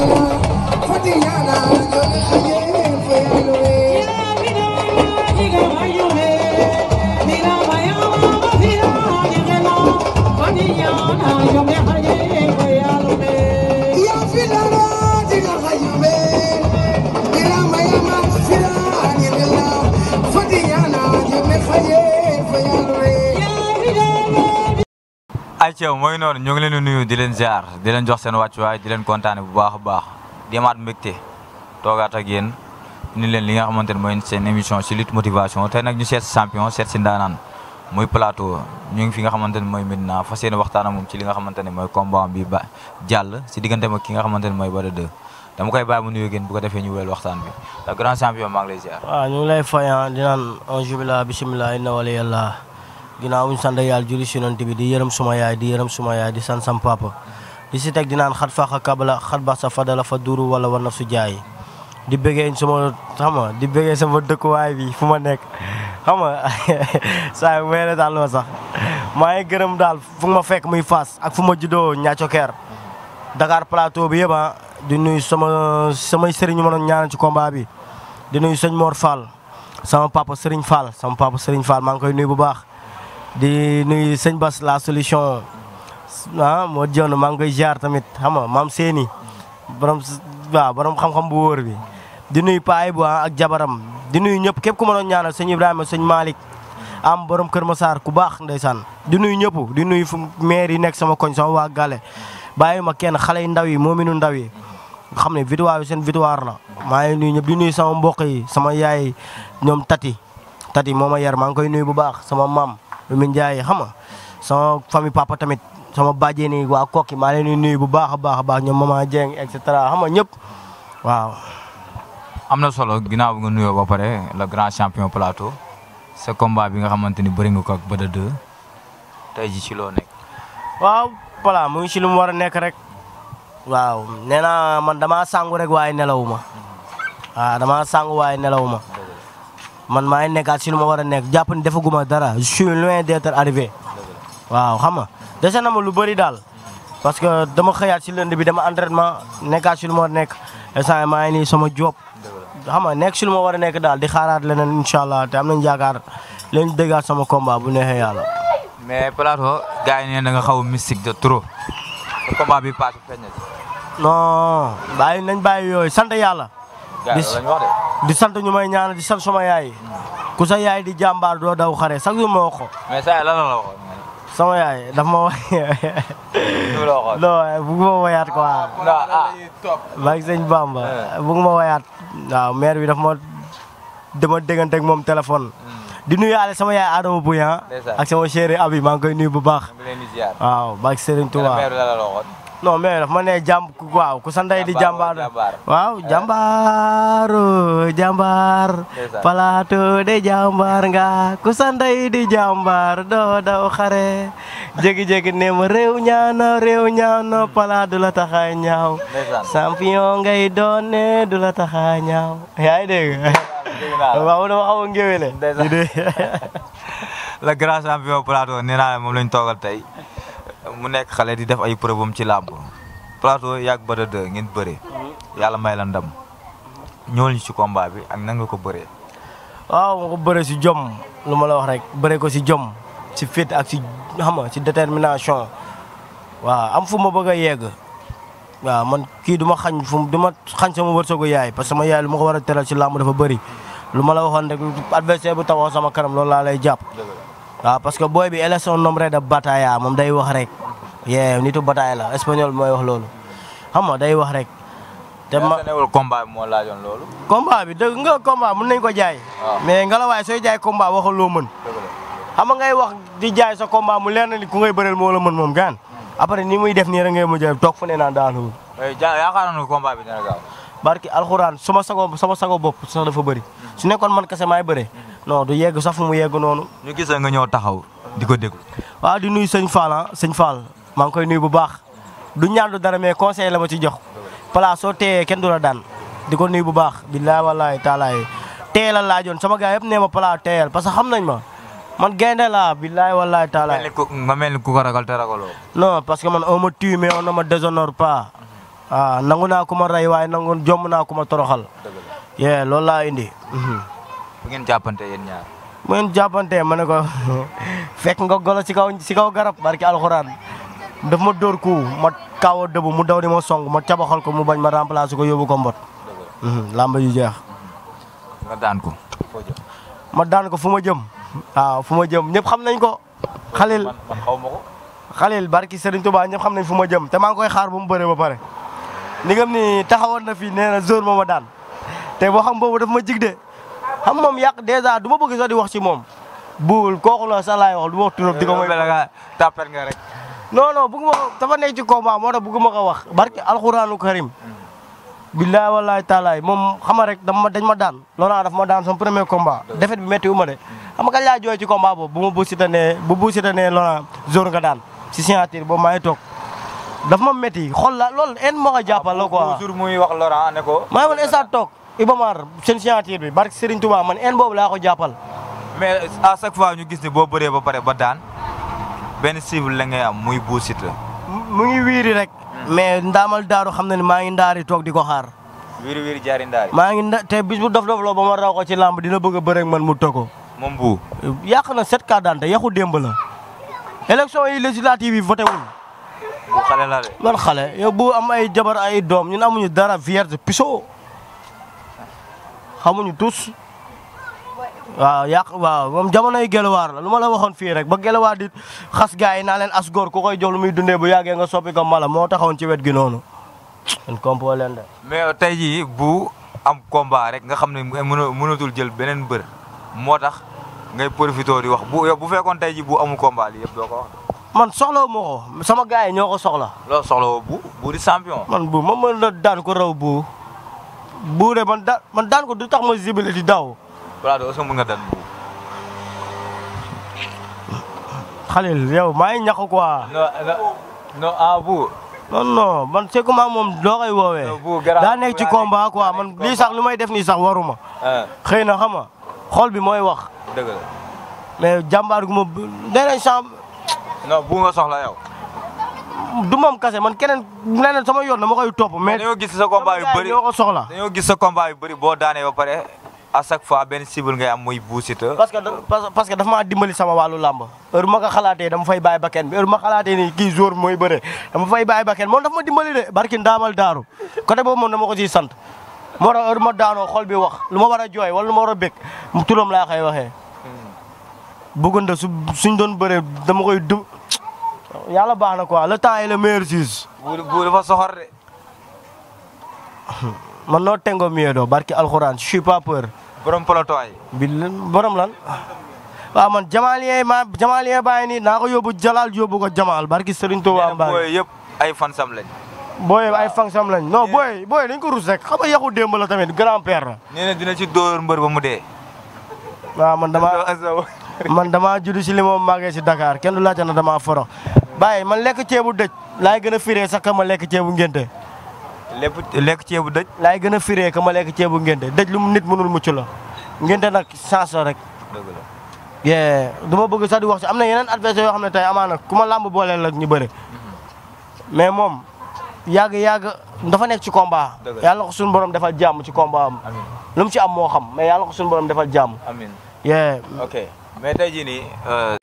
Put the yarn on, Thiaw mooy noonu ñu ngi leen di nuyu di leen ziar di leen jox seen wàccuwaay di leen kontaane bu baax baax di amaat mbégte toogaat ak yéen ni leen li nga xamante ne mooy seen émission si lutte motivation tey nag ñu seet si champion seet plateau ñu fi nga xamante mooy Médina fas yéene waxtaan ak moom ci li nga xamante mooy combat bi ba si diggante ak ki nga xamante ne mooy Balla 2 dama koy bàyyi mu nuyu gën bu ko defee ñu wéyal waxtaan bi le grand ginnaaw bu ñu sant yàlla julli si di yërëm suma yaay di yërëm suma yaay di sant sam papa di si teg di naan xat faaxa kabala xat baax sa fadala fa duuru wala war su jaay di bëggee suma xama di bëggee sama dëkkuwaay bi fu ma nekk xama saa yu weeree daal ma sax maa ngi gërëm daal fu ma fekk muy fas ak fu ma juddoo ñaacokeer Dakar palato bi yëpp ah, di nuyu sama samay sëriñ ñu mënoon ñaanal ci combat bi di nuyu sëñ Mor Fall sama papa Serigne Fall sama papa Serigne Fall maa ngi koy nuyu bu baax. di nuyu sëñ Bas la solution ah moo joon maa ngi koy jaar tamit xam nga maam seeni borom borom xam-xam bu wóor bi di nuyu Paa bu ah, ak jabaram di nuyu ñëpp képp ku ma doon ñaanal sëñ Ibrahima sëñ Malick am borom Kër masaar ku baax ndeysaan di nuyu ñëpp di nuyu fu maire yi nekk sama koñ sama waa Gale bàyyi ma kenn xale yu ndaw yi moominu ndaw yi xam ne victoire bi seen na la maa ñëpp di nuyu sama mbokk yi sama yaay ñoom tati tati moo ma yar maa ngi koy nuyu bu baax sama maam Lamine Ndiaye xam nga sama famille papa tamit sama bàjjee nii waa kokki maa leen di bu baax a baax a baax ñoom maman Dieng et cetera xam nga ñëpp waaw. am na solo ginnaaw bi nga nuyoo ba pare la grand champion plateau sa combat bi nga xamante ni bëri nga ko ak te 2 tey ji ci loo nekk. waaw voilà mu ngi ci lu mu war a nekk rek. waaw nee man damaa sangu rek waaye nelawuma waaw damaa sangu waaye ma man maa ngi nekkaat si lu war a nekk jàpp ne defaguma dara je suis loin d'être arrivé waaw xam nga dese na ma lu bëri daal parce que dama xëyaat si lënd bi dama entraînement nekkaat si lu nekk instant ngi nii sama job xam nga nekk si lu war a nekk daal di xaaraat leneen incha allah te am nañ yaakaar leen déggaat sama combat bu neexee yàlla. mais Plateau gars yi ne da nga xaw mystique de trop. te combat bi paase feeñ na non bàyyi nañ bàyyi yooyu sant yàlla. di sant ñu may ñaan di sant sama yaay ku sa yaay di jàmbaar doo daw xare sax yu ma sa sama yaay daf ma wax. du la waxoon non bëgg ma wayaat quoi. non ah, ah. maa ngi sëñ Bamba. Eh. bëgg ma wayaat waaw maire bi daf ma dama déggante moom téléphone. Hmm. di nuyaale sama yaay Adama Bouya ak sama chéri Abi maa ngi koy nuyu bu baax. waaw maa ngi sëriñ Touba. No, mais dafa jam, wow, jàmb waaw ku di Jambar, wow, Jambar, Jambar, plateau de ya. Jambar, enggak, oh, ya, ku sa di Jambar, Do da okare. jégi-jégi ne mereu nyano, ñaaw nyano, réew pala du la taxa ñaaw champion ngay doon ne du la taxa ñaaw yaa ngi dégg waaw dama xaw a ngéwéle la grand champion plateau nee naa mu nekk xale di def ay preuve ci làmb plateau yàgg Bada 2 ngeen bëree. Mhm. yàlla may la ndam. ñëwal ñu ci combat bi ak nan nga ko bëree. waaw nga ko bëree si jom lu ma la wax rek bëree ko si jom si fit ak si xam nga si détermination waaw am fu ma bëgg a yegg. waaw man kii du ma xañ fu du ma xañ sama wërsëgu yaay parce que sama yaay lu ma ko war a teral si làmb dafa bëri lu ma la waxoon rek adversaire bu taxaw sama kanam loolu laa lay jàpp. waaw ah, parce que boy bi élection nombre de bataille mom day wax rek yee nitu bataille la espagnol moy wax lolu xam nga day wax rek. te ma neul combat mo la laajoon lolu combat bi deug nga combat mën nañ ko jaay. Ah. mais nga la way soy jaay combat waxal lo mën. xam nga ngay wax di jaay sa combat mu lenn ni ku ngay beurel mo la mën mom gan après ni muy def ni ra ngay mujj jaay tok fu ne dalu ay eh, ja yaakaar naa combat bi dina gaaw. barki alcorane suma sago sama sago bop sax dafa beuri su nekkon man kasse may beure non du yegg sax fu mu yegg noonu. ñu gis nga ñoo taxaw di ko déglu. waaw di nuyu sëñ Fall ah sëñ Fall maa ngi koy nuyu bu baax du ñaan du dara mais conseil la ma ci jox palaa soo teeyee kenn du la daan di ko nuyu bu baax billaay wallaay taalaay la laajoon sama gars yëpp nee ma palaa teeyal parce que xam nañ ma. man gaynde laa billaay wallaay taalaay. nga mel ni ku ko ragal te ragaloo. non parce que man on me tue mais on ne me déshonore pas ah nangu naa ku ma rey waaye nangu jomm naa ku ma toroxal. loolu laa indi. Mhm. bu ngeen jàppante yéen ñaar. bu ma ne ko fekk nga golo ci kaw ci kaw garab barki alxuraan daf ma door ku ma kaw a dëbb mu daw di ma song ma cabaxal ko mu bañ ma remplacer ko yóbbu ko mbot. Mhm, lamba yu jeex. nga daan ko. ma daan ko fu ma jëm. waaw fu ma jëm ñëpp xam nañ ko. xalil man xaw ma ko. xalil barki Serigne Touba ñëpp xam nañ fu ma jëm te maa ngi koy xaar bu mu bëree ba pare. ni ngam ni taxawan na fii nee na jour ba ma daan te boo xam boobu daf ma jig de xam moom yàq dèjà du ma bëgg sax di wax ci moom buul kooku la sax laay wax du ma wax turam di ko mooy tàppal nga rek non non bëgguma ci combat moo tax bëgguma ko wax barke alxuraanu karim billaay wallaay taalaay moom xama rek dama dañ ma daan Laurent daf ma daan sama premier combat défaite bi métti wu ma de xam nga kañ ci combat bu ma bu sita ne bu bu sita nga daan si signature boobu maa ngi daf ma métti xol lool loolu en moo ko jàppal la quoi toujours ah, muy wax Laurent ne ko. maa ngi woon instant toog Ibamar seen signature bi barke Serigne Touba man en boobu laa ko jàppal. mais à chaque fois ñu gis ne boo bëree ba pare ba daan benn cible la ngay am muy Bou Siteu. mu ngi wiiri rek. mais ndaamal daaru xam na ne maa ngi ndaari toog di ko xaar. wiiri maa ngi nda te bis bu dof dof loo ba ma ko ci làmb dina bëgg a bëre ak man mu togo. moom bu. yàq na sept cas daan te yàqu démb la. élection yi législative yi bu xale la de. man xale yow bu am ay jabar ay doom ñun amuñu dara vierge piso xamuñu tus waaw yàq waaw moom jamonoy gelawaar la lu ma la waxoon fii rek ba gelawaar di xas gars yi naa leen as góor ku koy jox lu muy dundee bu yàggee nga soppi ko mala moo taxawoon ci wet gi noonu. kon compo leen mais tey bu am combat rek nga xam ne mënatul jël beneen bër moo tax ngay profité di wax bu bu fekkoon tey ji bu amul combat yëpp doo ko wax. man soxla wu ma ko sama gars yi ñoo ko soxla. loolu soxla woo bu di champion. man bu ma mën la daan ko raw bu bu man daan man daan ko du tax ma zibale di daw. balaa doo soo mën nga daan bu. Khalil yow ah, bu. man c'est comment moom doo koy woowee. daa ci combat quoi man lii sax lu may def nii sax waruma. Ah. xëy na xam nga xol bi mooy wax. dëgg la mais jàmbaar gu non bu nga soxla yow. du moom kase man keneen leneen sama yoon dama koy topp. mais dañoo gis sa combat yu yu bëri boo daanee ba pare à chaque fois benn cible ngay am muy Bou Siteu. dafa maa dimbali sama wàllu làmb heure ma ko xalaatee dama fay bàyyi bakkan bi heure ma ni kii jour mooy bëre dama fay bàyyi bakkan moom dafa ma dimbali de barki ndaamal daaru côté boobu moom dama ko ciy sant moo tax heure daanoo xol bi wax lu ma war a jooy wala lu a yàlla baax na ko le temps est le meilleur juge. buur buur dafa soxor de. man noo tengo miedo barki alxuraan je suis pas peur. borom polotoy. bi borom lan. waaw man Jamalien ma Jamalien ni nii naa ko yóbbu Jalal yóbbu ko Jamal barki Serigne Touba Mbaye. booy yëpp ay fansam lañ. booy yëpp ay fansam lañ non booy booy dañ ko rus rek xam nga yàqu démb la tamit grand père la. dina ci dóor mbër ba mu dee. waaw man dama man damaa judd si li moom màggee si Dakar kenn du laajte na damaa foro bàyyi man lekk ceebu dëj laay gën a firee sax ka ma lekk ceebu ngénte lépp lekk ceebu dëj laay gën a firee ka ma lekk ceebu ngénte dëj lu nit mënul mucc la ngénte nak chance la rek dëgg yee du ma bëgg sax di wax si am na yeneen adversaire yoo xam ne tey amaana ku ma làmb booleel la ñu bëri mais moom yàgg yàgg dafa nekk ci combat yàlla ko suñu borom defal jàmm ci combat am si am moo xam mais yàlla ko suñu jàmm amiin mais tey jii nii euh,